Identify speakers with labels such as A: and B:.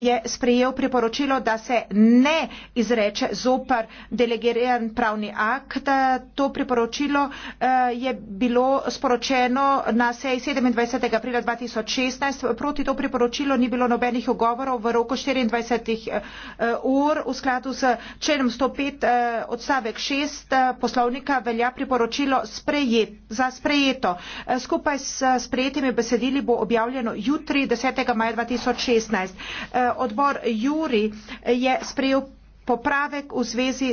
A: je sprejel priporočilo, da se ne izreče zoper delegiran pravni akt. To priporočilo eh, je bilo sporočeno na seji 27. aprila 2016. Proti to priporočilo ni bilo nobenih ogovorov v roku 24 eh, ur. V skladu s členom 105 eh, odstavek 6 poslovnika velja priporočilo sprejet, za sprejeto. Skupaj s sprejetimi besedili bo objavljeno jutri 10. maja 2016 odbor juri je sprejel popravek v zvezi s.